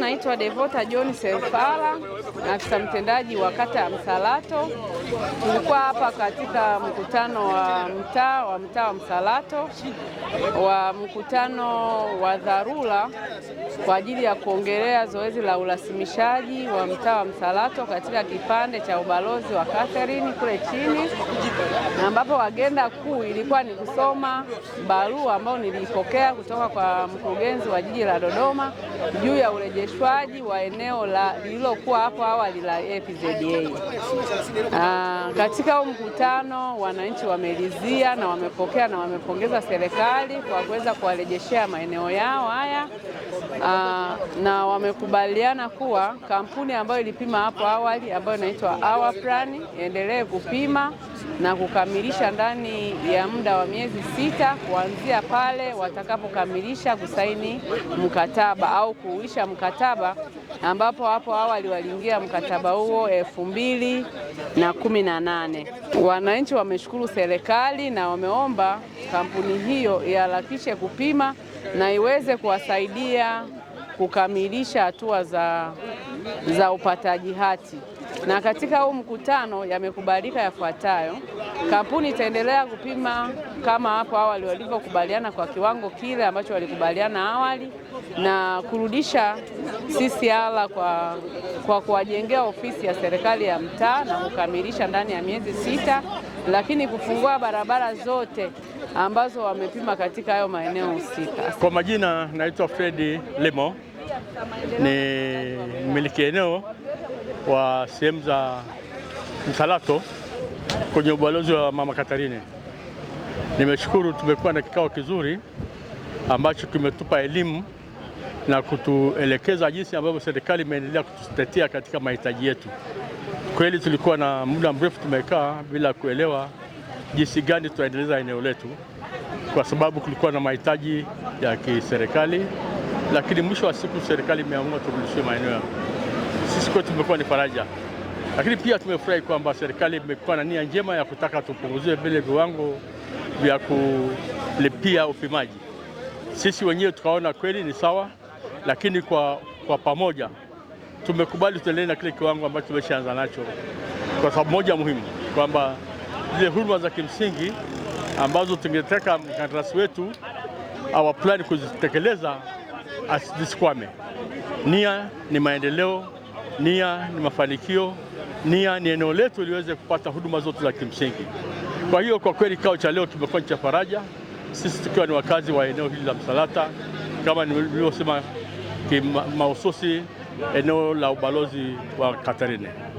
naitwa Devota John Sefala, na afisa mtendaji wa kata ya Msalato. Tulikuwa hapa katika mkutano wa mtaa wa mtaa wa Msalato wa mkutano wa dharura kwa ajili ya kuongelea zoezi la urasimishaji wa mtaa wa Msalato katika kipande cha ubalozi wa Catherine kule chini, na ambapo agenda kuu ilikuwa ni kusoma barua ambayo niliipokea kutoka kwa mkurugenzi wa jiji la Dodoma juu ya urejeshwaji wa eneo lililokuwa hapo awali la APZA. Aa, ah, katika huu mkutano wananchi wamelizia na wamepokea na wamepongeza serikali kwa kuweza kuwarejeshea maeneo yao haya. Aa, ah, na wamekubaliana kuwa kampuni ambayo ilipima hapo awali ambayo inaitwa Our Plan iendelee kupima na kukamilisha ndani ya muda wa miezi sita kuanzia pale watakapokamilisha kusaini mkataba au au kuuisha mkataba ambapo hapo awali waliingia mkataba huo elfu mbili na kumi na nane. Wananchi wameshukuru serikali na wameomba kampuni hiyo iharakishe kupima na iweze kuwasaidia kukamilisha hatua za za upataji hati, na katika huu mkutano yamekubalika yafuatayo. Kampuni itaendelea kupima kama hapo awali walivyokubaliana kwa kiwango kile ambacho walikubaliana awali, na kurudisha CCR kwa, kwa kuwajengea ofisi ya serikali ya mtaa na kukamilisha ndani ya miezi sita, lakini kufungua barabara zote ambazo wamepima katika hayo maeneo husika. Kwa majina naitwa Fredi Lemo ni mmiliki eneo wa sehemu za Msalato kwenye ubalozi wa Mama Katarine. Nimeshukuru, tumekuwa na kikao kizuri ambacho kimetupa elimu na kutuelekeza jinsi ambavyo serikali imeendelea kututetea katika mahitaji yetu. Kweli tulikuwa na muda mrefu tumekaa bila kuelewa jinsi gani tutaendeleza eneo letu, kwa sababu kulikuwa na mahitaji ya kiserikali lakini mwisho wa siku serikali imeamua turudishiwe maeneo yao. Sisi kwetu tumekuwa ni faraja, lakini pia tumefurahi kwamba serikali imekuwa na nia njema ya kutaka tupunguziwe vile viwango vya kulipia upimaji. Sisi wenyewe tukaona kweli ni sawa, lakini kwa, kwa pamoja tumekubali tuendelee na kile kiwango ambacho tumeshaanza nacho, kwa sababu moja muhimu kwamba zile huduma za kimsingi ambazo tungetaka mkandarasi wetu awaplani kuzitekeleza asijisikwame. Nia ni maendeleo, nia ni mafanikio, nia ni eneo letu liweze kupata huduma zote za kimsingi. Kwa hiyo kwa kweli kikao cha leo tumekuwa ni cha faraja, sisi tukiwa ni wakazi wa eneo hili la Msalata, kama nilivyosema mahususi eneo la ubalozi wa Katarine.